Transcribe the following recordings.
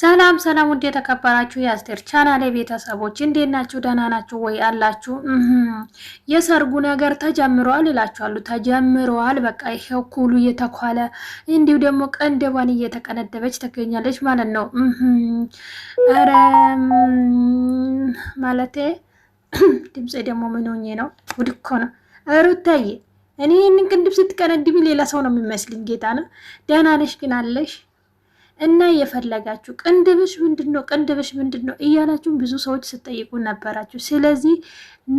ሰላም ሰላም፣ ውድ የተከበራችሁ የአስቴር ቻናል ቤተሰቦች እንዴት ናችሁ? ደህና ናችሁ ወይ? አላችሁ? የሰርጉ ነገር ተጀምሯል እላችኋለሁ። ተጀምሯል። በቃ ይሄው ኩሉ እየተኳለ እንዲሁ ደግሞ ቀንደቧን እየተቀነደበች ትገኛለች ማለት ነው። ኧረ ማለቴ ድምፄ ደግሞ ምን ሆኜ ነው? ውድ እኮ ነው ሩታዬ። እኔ ይህንን ቅንድብ ስትቀነድቢ ሌላ ሰው ነው የሚመስልኝ። ጌታ ነው። ደህና ነሽ ግን አለሽ እና የፈለጋችሁ ቅንድብሽ ምንድን ነው ቅንድብሽ ምንድን ነው እያላችሁ ብዙ ሰዎች ስጠይቁ ነበራችሁ። ስለዚህ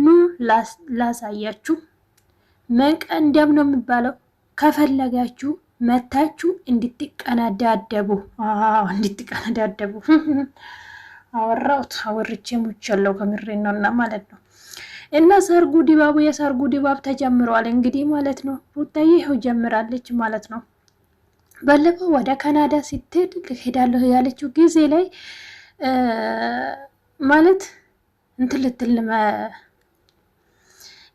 ኑ ላሳያችሁ። እንዲያም ነው የሚባለው። ከፈለጋችሁ መታችሁ እንድትቀናዳደቡ እንድትቀናዳደቡ አወራውት አወርቼ ሙቻለሁ ከምሬ ነው እና ማለት ነው እና ሰርጉ ድባቡ የሰርጉ ድባብ ተጀምረዋል እንግዲህ ማለት ነው። ሩታዬ ይኸው ጀምራለች ማለት ነው። ባለፈው ወደ ካናዳ ስትሄድ ሄዳለሁ ያለችው ጊዜ ላይ ማለት እንትን ልትል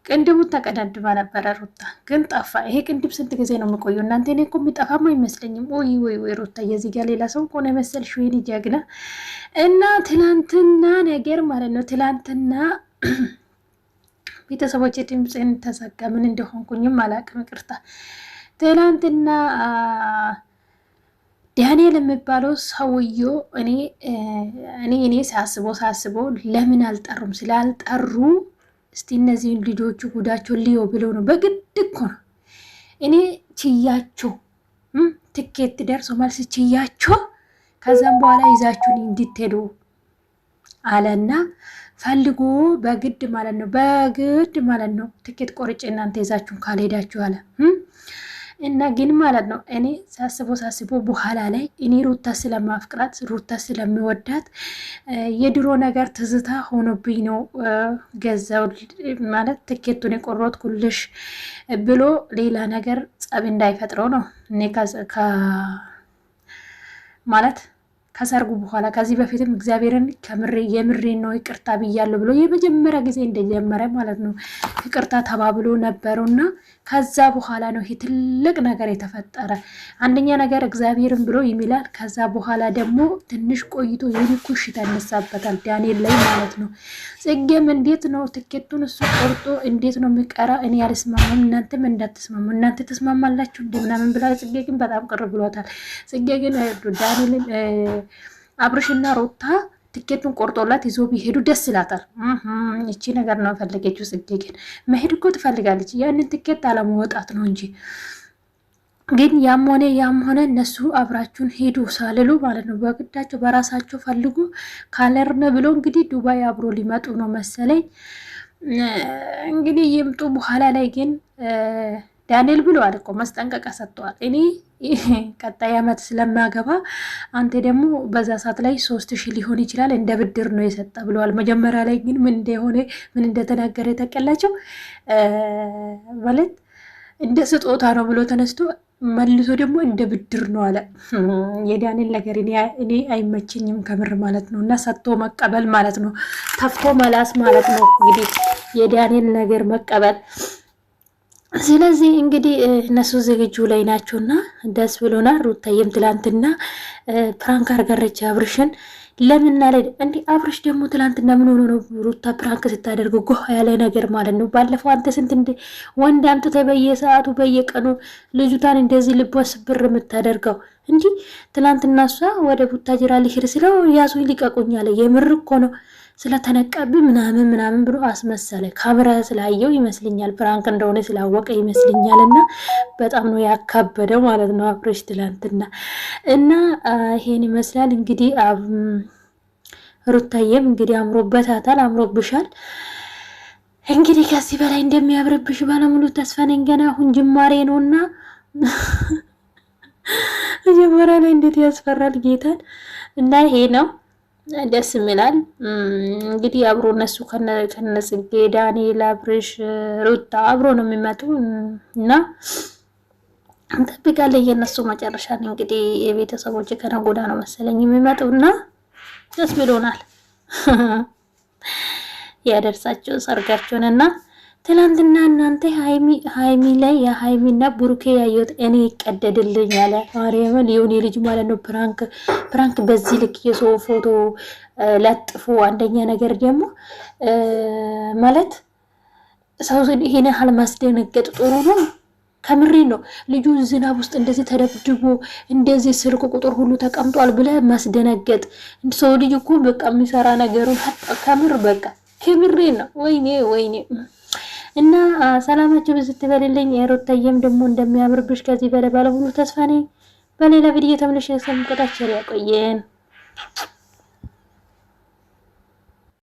ቅንድቡን ተቀዳድባ ነበረ ሩታ ግን ጠፋ። ይሄ ቅንድብ ስንት ጊዜ ነው የምቆዩ? እናንተ? እኔ እኮ የሚጠፋም አይመስለኝም። ወይ ወይ ወይ ሩታ የዚህ ጋር ሌላ ሰው እኮ ነው የመሰልሽ። ወይኔ ጀግና እና ትላንትና ነገር ማለት ነው ትላንትና ቤተሰቦች ድምፅን ተዘጋ ምን እንደሆንኩኝም አላቅም፣ ይቅርታ ትናንትና ዳንኤል የሚባለው ሰውዬ እኔ እኔ እኔ ሳስቦ ሳስቦ ለምን አልጠሩም ስላልጠሩ እስቲ እነዚህን ልጆቹ ጉዳቸው ልዮ ብለው ነው። በግድ እኮ ነው እኔ ችያቸው ትኬት ደርሶ መልስ ችያቸው ከዛም በኋላ ይዛችሁን እንድትሄዱ አለና ፈልጉ በግድ ማለት ነው በግድ ማለት ነው ትኬት ቆርጬ እናንተ ይዛችሁን ካልሄዳችሁ አለ። እና ግን ማለት ነው እኔ ሳስቦ ሳስቦ በኋላ ላይ እኔ ሩታ ስለማፍቅራት ሩታ ስለሚወዳት የድሮ ነገር ትዝታ ሆኖብኝ ነው ገዛው ማለት ትኬቱን የቆረት ኩልሽ ብሎ ሌላ ነገር ጸብ እንዳይፈጥረው ነው እኔ ማለት ከሰርጉ በኋላ ከዚህ በፊትም እግዚአብሔርን ከምሬ የምሬን ነው ይቅርታ ብያለሁ ብሎ የመጀመሪያ ጊዜ እንደጀመረ ማለት ነው ይቅርታ ተባብሎ ነበሩና ከዛ በኋላ ነው ይሄ ትልቅ ነገር የተፈጠረ። አንደኛ ነገር እግዚአብሔርን ብሎ ይሚላል ከዛ በኋላ ደግሞ ትንሽ ቆይቶ የሆነ ኩሽታ ይነሳበታል ዳንኤል ላይ ማለት ነው። ጽጌም እንዴት ነው ትኬቱን እሱ ቆርጦ እንዴት ነው የሚቀራ? እኔ ያልስማማም እናንተም እንዳትስማሙ እናንተ ተስማማላችሁ እንደምናምን ምናምን ብላ ጽጌ ግን በጣም ቅር ብሎታል። ጽጌ ግን ዳንኤልን አብርሽና ሮታ ትኬቱን ቆርጦላት ይዞ ቢሄዱ ደስ ይላታል። እቺ ነገር ነው የፈለገችው። ጽጌ ግን መሄድ እኮ ትፈልጋለች። ያንን ትኬት አለመወጣት ነው እንጂ ግን ያም ሆነ ያም ሆነ እነሱ አብራችሁን ሄዱ ሳልሉ ማለት ነው በግዳቸው በራሳቸው ፈልጉ ካለርነ ብሎ እንግዲህ ዱባይ አብሮ ሊመጡ ነው መሰለኝ። እንግዲህ ይምጡ በኋላ ላይ ግን ዳንኤል ብለዋል እኮ መስጠንቀቂያ ሰጥተዋል። እኔ ቀጣይ ዓመት ስለማገባ አንተ ደግሞ በዛ ሰዓት ላይ ሶስት ሺህ ሊሆን ይችላል እንደ ብድር ነው የሰጠ ብለዋል። መጀመሪያ ላይ ግን ምን እንደሆነ ምን እንደተናገረ የተቀላቸው ማለት እንደ ስጦታ ነው ብሎ ተነስቶ መልሶ ደግሞ እንደ ብድር ነው አለ። የዳንኤል ነገር እኔ አይመችኝም ከምር ማለት ነው። እና ሰጥቶ መቀበል ማለት ነው፣ ተፍቶ መላስ ማለት ነው። እንግዲህ የዳንኤል ነገር መቀበል ስለዚህ እንግዲህ እነሱ ዝግጁ ላይ ናቸውና ደስ ብሎናል። ሩታየም ትላንትና ፕራንክ አርጋረች አብርሽን ለምናለድ እንዲ አብርሽ ደግሞ ትላንትና ምን ሆኖ ነው ሩታ ፕራንክ ስታደርግ ጎ ያለ ነገር ማለት ነው። ባለፈው አንተ ስንት እንደ ወንድ አምጥተህ በየሰዓቱ በየቀኑ ልጅቷን እንደዚህ ልቧ ስብር የምታደርገው እንጂ ትላንትና እሷ ወደ ቡታጅራ ልሄድ ስለው ያሱ ሊቀቁኝ አለ። የምር እኮ ነው ስለተነቀብ ምናምን ምናምን ብሎ አስመሰለ። ካሜራ ስላየው ይመስልኛል። ፍራንክ እንደሆነ ስላወቀ ይመስልኛል። እና በጣም ነው ያካበደው ማለት ነው አብርሽ ትላንትና። እና ይሄን ይመስላል እንግዲህ ሩታዬም እንግዲህ አምሮበታታል፣ አምሮብሻል። እንግዲህ ከዚህ በላይ እንደሚያምርብሽ ባለሙሉ ተስፋ ነኝ። ገና አሁን ጅማሬ ነውና መጀመሪያ ላይ እንዴት ያስፈራል ጌታን እና ይሄ ነው ደስ ይላል። እንግዲህ አብሮ እነሱ ከነጽጌ፣ ዳንኤል፣ አብርሽ፣ ሩታ አብሮ ነው የሚመጡ እና እንጠብቃለን የእነሱ መጨረሻን። እንግዲህ የቤተሰቦች ከነጎዳ ነው መሰለኝ የሚመጡ እና ደስ ብሎናል። ያደርሳቸው ሰርጋቸውን እና ትላንትና እናንተ ሀይሚ ላይ የሀይሚና ቡሩኬ ያየት እኔ ይቀደድልኝ ያለ ማርያምን ሊሆን ልጅ ማለት ነው። ፕራንክ ፕራንክ በዚህ ልክ የሰው ፎቶ ለጥፎ አንደኛ ነገር ደግሞ ማለት ሰው ይሄን ያህል ማስደነገጥ ጥሩ ነው። ከምሬ ነው። ልጁ ዝናብ ውስጥ እንደዚህ ተደብድቦ እንደዚህ ስልክ ቁጥር ሁሉ ተቀምጧል ብለ ማስደነገጥ ሰው ልጅ እኮ በቃ የሚሰራ ነገሩን ከምር በቃ ከምሬ ነው። ወይኔ ወይኔ እና ሰላማችሁ ብዙ ትበልልኝ። ሩታዬም ደግሞ እንደሚያምርብሽ ከዚህ በላይ ባለሙሉ ተስፋ ነኝ። በሌላ ቪዲዮ ተምልሽ እስከምንቀጣ ቸር ያቆየን።